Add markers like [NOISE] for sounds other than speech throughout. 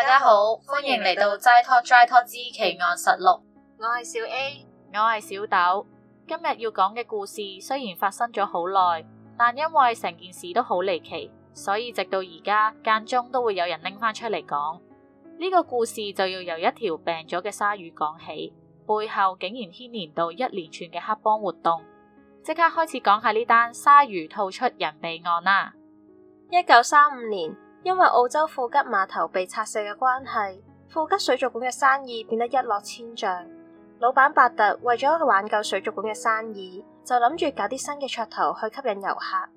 大家好，歡迎嚟到《齋拖齋拖之奇案實錄》。我係小 A，我係小豆。今日要講嘅故事雖然發生咗好耐，但因為成件事都好離奇，所以直到而家間中都會有人拎翻出嚟講。呢個故事就要由一條病咗嘅鯊魚講起，背後竟然牽連到一連串嘅黑幫活動。即刻開始講下呢單鯊魚吐出人臂案啦！一九三五年。因為澳洲庫吉碼頭被拆卸嘅關係，庫吉水族館嘅生意變得一落千丈。老闆伯特為咗挽救水族館嘅生意，就諗住搞啲新嘅噱頭去吸引遊客。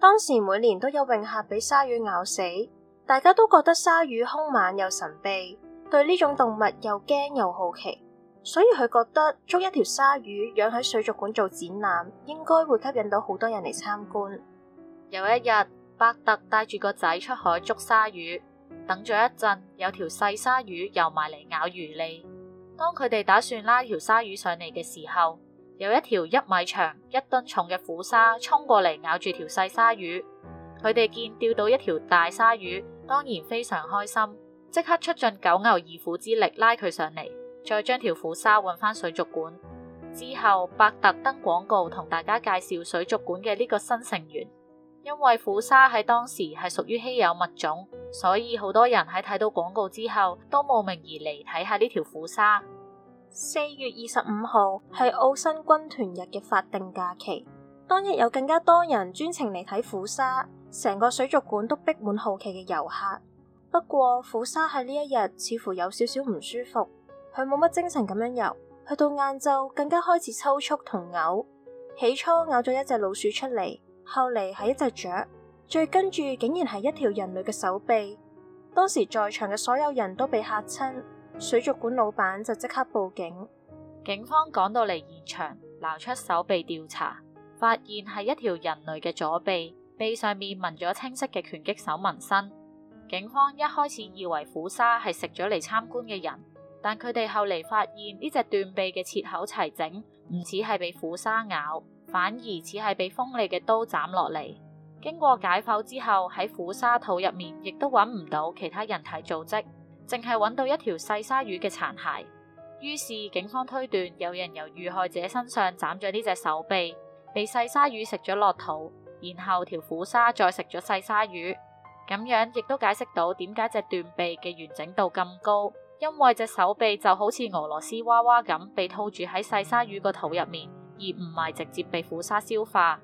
當時每年都有泳客俾鯊魚咬死，大家都覺得鯊魚兇猛又神秘，對呢種動物又驚又好奇，所以佢覺得捉一條鯊魚養喺水族館做展覽，應該會吸引到好多人嚟參觀。有一日。伯特帶住個仔出海捉鯊魚，等咗一陣，有條細鯊魚游埋嚟咬魚餌。當佢哋打算拉條鯊魚上嚟嘅時候，有一條一米長、一噸重嘅虎鯊衝過嚟咬住條細鯊魚。佢哋見釣到一條大鯊魚，當然非常開心，即刻出盡九牛二虎之力拉佢上嚟，再將條虎鯊運返水族館。之後，伯特登廣告同大家介紹水族館嘅呢個新成員。因為虎鯊喺當時係屬於稀有物種，所以好多人喺睇到廣告之後都慕名而嚟睇下呢條虎鯊。四月二十五號係澳新軍團日嘅法定假期，當日有更加多人專程嚟睇虎鯊，成個水族館都逼滿好奇嘅遊客。不過虎鯊喺呢一日似乎有少少唔舒服，佢冇乜精神咁樣游，去到晏晝更加開始抽搐同嘔，起初咬咗一隻老鼠出嚟。後嚟係一隻雀，最跟住竟然係一條人類嘅手臂。當時在場嘅所有人都被嚇親，水族館老闆就即刻報警。警方趕到嚟現場，撈出手臂調查，發現係一條人類嘅左臂，臂上面紋咗清晰嘅拳擊手紋身。警方一開始以為虎鯊係食咗嚟參觀嘅人，但佢哋後嚟發現呢隻斷臂嘅切口齊整，唔似係被虎鯊咬。反而似係被鋒利嘅刀斬落嚟。經過解剖之後，喺虎鯊肚入面亦都揾唔到其他人體組織，淨係揾到一條細鯊魚嘅殘骸。於是警方推斷，有人由遇害者身上斬咗呢隻手臂，被細鯊魚食咗落肚，然後條虎鯊再食咗細鯊魚。咁樣亦都解釋到點解隻斷臂嘅完整度咁高，因為隻手臂就好似俄羅斯娃娃咁，被套住喺細鯊魚個肚入面。而唔係直接被虎鯊消化。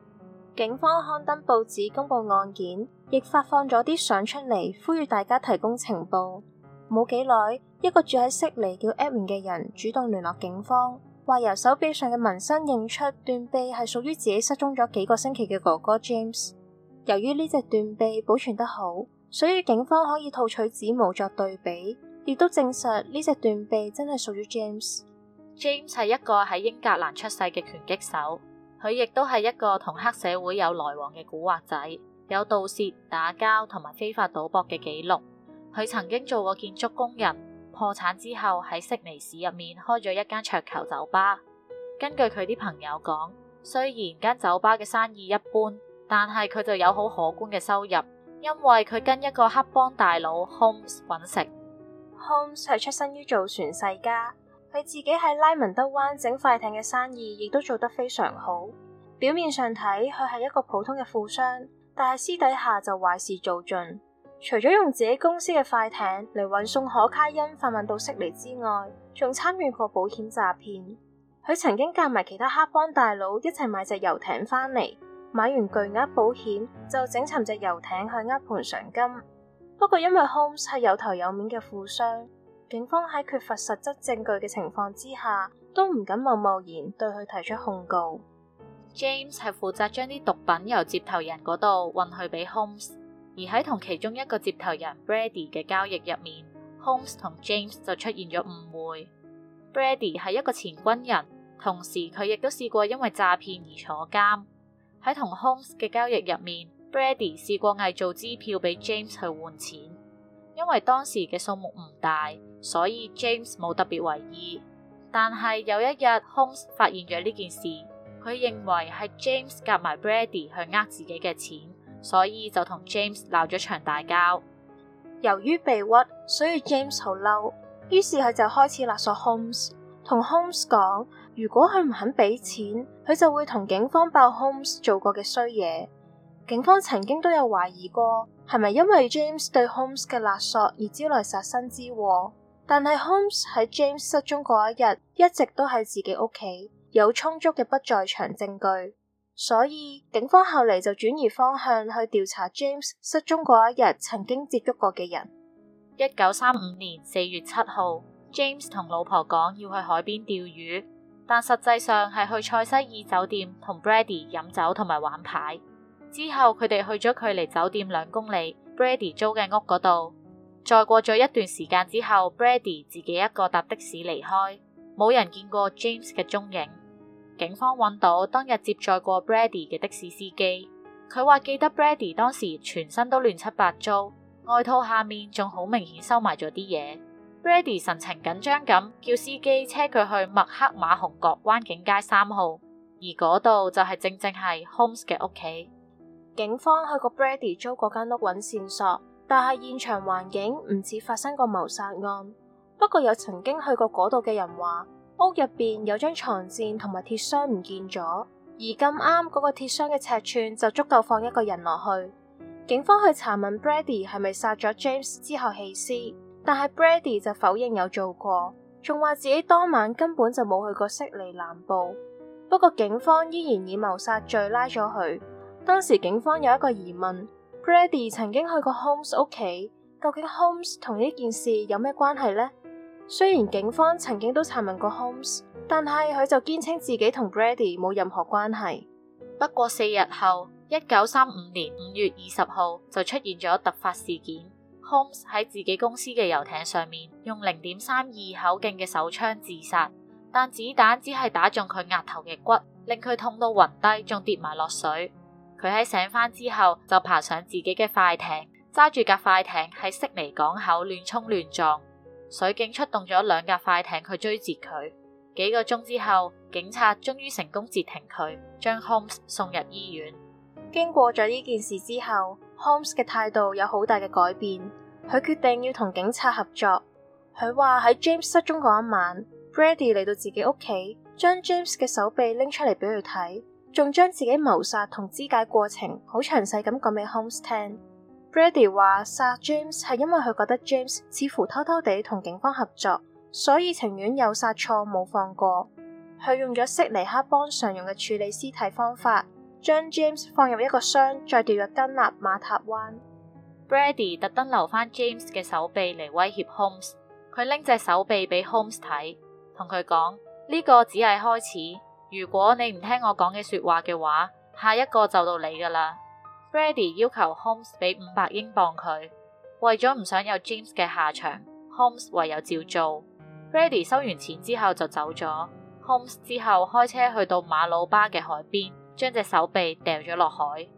警方刊登報紙公布案件，亦發放咗啲相出嚟，呼籲大家提供情報。冇幾耐，一個住喺悉尼叫 Edwin 嘅人主動聯絡警方，話由手臂上嘅紋身認出斷臂係屬於自己失蹤咗幾個星期嘅哥哥 James。由於呢隻斷臂保存得好，所以警方可以套取指模作對比，亦都證實呢隻斷臂真係屬於 James。James 係一個喺英格蘭出世嘅拳擊手，佢亦都係一個同黑社會有來往嘅古惑仔，有盜竊、打交同埋非法賭博嘅記錄。佢曾經做過建築工人，破產之後喺悉尼市入面開咗一間桌球酒吧。根據佢啲朋友講，雖然間酒吧嘅生意一般，但係佢就有好可觀嘅收入，因為佢跟一個黑幫大佬 Holmes 搵食。Holmes 係出身於造船世家。佢自己喺拉文德灣整快艇嘅生意亦都做得非常好，表面上睇佢係一個普通嘅富商，但係私底下就壞事做盡。除咗用自己公司嘅快艇嚟運送可卡因販賣到悉尼之外，仲參與過保險詐騙。佢曾經夾埋其他黑幫大佬一齊買一隻遊艇翻嚟，買完巨額保險就整沉隻遊艇去呃賠償金。不過因為 Holmes 係有頭有面嘅富商。警方喺缺乏實質證,證據嘅情況之下，都唔敢貿貿然對佢提出控告。James 係負責將啲毒品由接頭人嗰度運去俾 Holmes，而喺同其中一個接頭人 Brady 嘅交易入面，Holmes 同 James 就出現咗誤會。Brady 係一個前軍人，同時佢亦都試過因為詐騙而坐監。喺同 Holmes 嘅交易入面，Brady 試過偽造支票俾 James 去換錢，因為當時嘅數目唔大。所以 James 冇特別為意，但係有一日 Holmes，Holmes 發現咗呢件事，佢認為係 James 夾埋 [MUSIC] Brady 去呃自己嘅錢，所以就同 James 鬧咗場大交。由於被屈，所以 James 好嬲，於是佢就開始勒索 Holmes，同 Holmes 講如果佢唔肯俾錢，佢就會同警方爆 Holmes 做過嘅衰嘢。警方曾經都有懷疑過係咪因為 James 對 Holmes 嘅勒索而招來殺身之禍。但係 Holmes 喺 James 失蹤嗰一日一直都喺自己屋企，有充足嘅不在場證據，所以警方後嚟就轉移方向去調查 James 失蹤嗰一日曾經接觸過嘅人。一九三五年四月七號，James 同老婆講要去海邊釣魚，但實際上係去塞西爾酒店同 Brady 飲酒同埋玩牌。之後佢哋去咗距離酒店兩公里，Brady 租嘅屋嗰度。再過咗一段時間之後，Brady 自己一個搭的士離開，冇人見過 James 嘅蹤影。警方搵到當日接載過 Brady 嘅的士司機，佢話記得 Brady 當時全身都亂七八糟，外套下面仲好明顯收埋咗啲嘢。Brady 神情緊張咁叫司機車佢去麥克馬洪角灣景街三號，而嗰度就係正正係 Holmes 嘅屋企。警方去過 Brady 租嗰間屋搵線索。但係現場環境唔似發生過謀殺案，不過有曾經去過嗰度嘅人話屋入邊有張床墊同埋鐵箱唔見咗，而咁啱嗰個鐵箱嘅尺寸就足夠放一個人落去。警方去查問 Brady 係咪殺咗 James 之後棄屍，但係 Brady 就否認有做過，仲話自己當晚根本就冇去過悉尼南部。不過警方依然以謀殺罪拉咗佢。當時警方有一個疑問。Brady 曾經去過 Holmes 屋企，究竟 Holmes 同呢件事有咩關係呢？雖然警方曾經都查問過 Holmes，但係佢就堅稱自己同 Brady 冇任何關係。不過四日後，一九三五年五月二十號就出現咗突發事件，Holmes 喺自己公司嘅遊艇上面用零點三二口徑嘅手槍自殺，但子彈只係打中佢額頭嘅骨，令佢痛到暈低，仲跌埋落水。佢喺醒返之後就爬上自己嘅快艇，揸住架快艇喺悉尼港口亂衝亂撞。水警出動咗兩架快艇去追截佢。幾個鐘之後，警察終於成功截停佢，將 Holmes 送入醫院。經過咗呢件事之後，Holmes 嘅態度有好大嘅改變。佢決定要同警察合作。佢話喺 James 失蹤嗰一晚，Brady 嚟到自己屋企，將 James 嘅手臂拎出嚟俾佢睇。仲將自己謀殺同肢解過程好詳細咁講俾 Holmes 聽。Brady 話殺 James 係因為佢覺得 James 似乎偷偷地同警方合作，所以情願有殺錯冇放過。佢用咗悉尼黑幫常用嘅處理屍體方法，將 James 放入一個箱，再掉入甘納馬塔灣。Brady 特登留翻 James 嘅手臂嚟威脅 Holmes，佢拎隻手臂俾 Holmes 睇，同佢講呢個只係開始。如果你唔聽我講嘅說話嘅話，下一個就到你噶啦。Brady 要求 Holmes 俾五百英鎊佢，為咗唔想有 James 嘅下場，Holmes 唯有照做。Brady 收完錢之後就走咗。Holmes 之後開車去到馬魯巴嘅海邊，將隻手臂掉咗落海。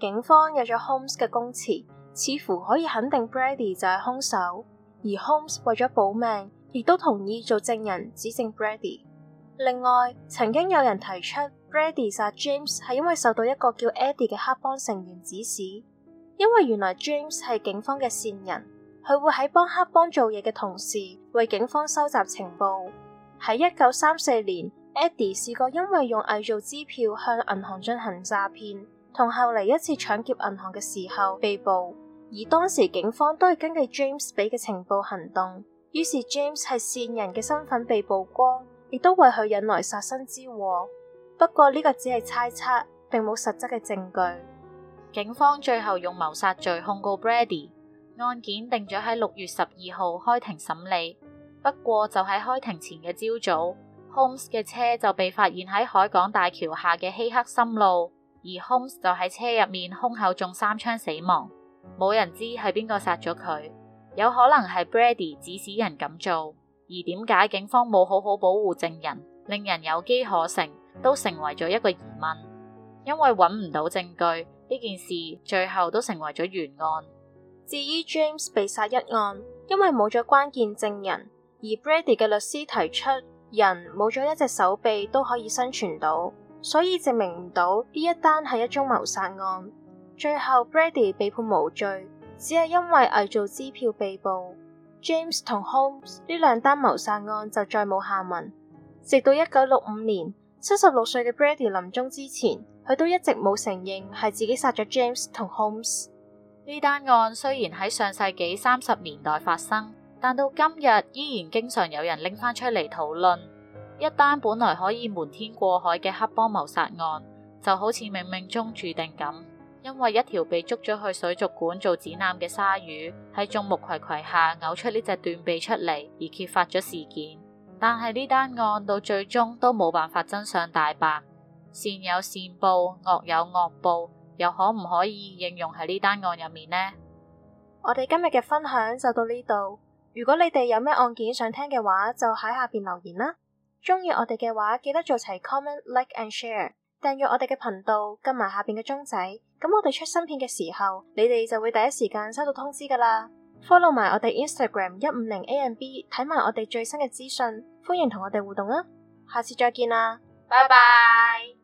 警方有咗 Holmes 嘅供詞，似乎可以肯定 Brady 就係兇手，而 Holmes 為咗保命，亦都同意做證人指證 Brady。另外，曾經有人提出，Brady 殺 James 係因為受到一個叫 Eddie 嘅黑幫成員指使，因為原來 James 係警方嘅線人，佢會喺幫黑幫做嘢嘅同時為警方收集情報。喺一九三四年，Eddie 試過因為用偽造支票向銀行進行詐騙，同後嚟一次搶劫銀行嘅時候被捕，而當時警方都係根據 James 俾嘅情報行動，於是 James 係線人嘅身份被曝光。亦都為佢引來殺身之禍，不過呢個只係猜測，並冇實質嘅證據。警方最後用謀殺罪控告 Brady，案件定咗喺六月十二號開庭審理。不過就喺開庭前嘅朝早，Holmes 嘅車就被發現喺海港大橋下嘅希克森路，而 Holmes 就喺車入面胸口中三槍死亡。冇人知係邊個殺咗佢，有可能係 Brady 指使人咁做。而點解警方冇好好保護證人，令人有機可乘，都成為咗一個疑問。因為揾唔到證據，呢件事最後都成為咗懸案。至於 James 被殺一案，因為冇咗關鍵證人，而 Brady 嘅律師提出，人冇咗一隻手臂都可以生存到，所以證明唔到呢一單係一宗謀殺案。最後 Brady 被判無罪，只係因為偽造支票被捕。James 同 Holmes 呢兩單謀殺案就再冇下文，直到一九六五年，七十六歲嘅 Brady 臨終之前，佢都一直冇承認係自己殺咗 James 同 Holmes。呢單案雖然喺上世紀三十年代發生，但到今日依然經常有人拎翻出嚟討論。一單本來可以瞞天過海嘅黑幫謀殺案，就好似冥冥中注定咁。因為一條被捉咗去水族館做展覽嘅鯊魚喺眾目睽睽下嘔出呢隻斷臂出嚟，而揭發咗事件，但係呢單案到最終都冇辦法真相大白。善有善報，惡有惡報，又可唔可以應用喺呢單案入面呢？我哋今日嘅分享就到呢度。如果你哋有咩案件想聽嘅話，就喺下邊留言啦。鍾意我哋嘅話，記得做齊 comment、like and share，訂閱我哋嘅頻道，跟埋下邊嘅鐘仔。咁我哋出新片嘅時候，你哋就會第一時間收到通知噶啦。Follow 埋我哋 Instagram 一五零 A and B，睇埋我哋最新嘅資訊，歡迎同我哋互動啊！下次再見啦，拜拜。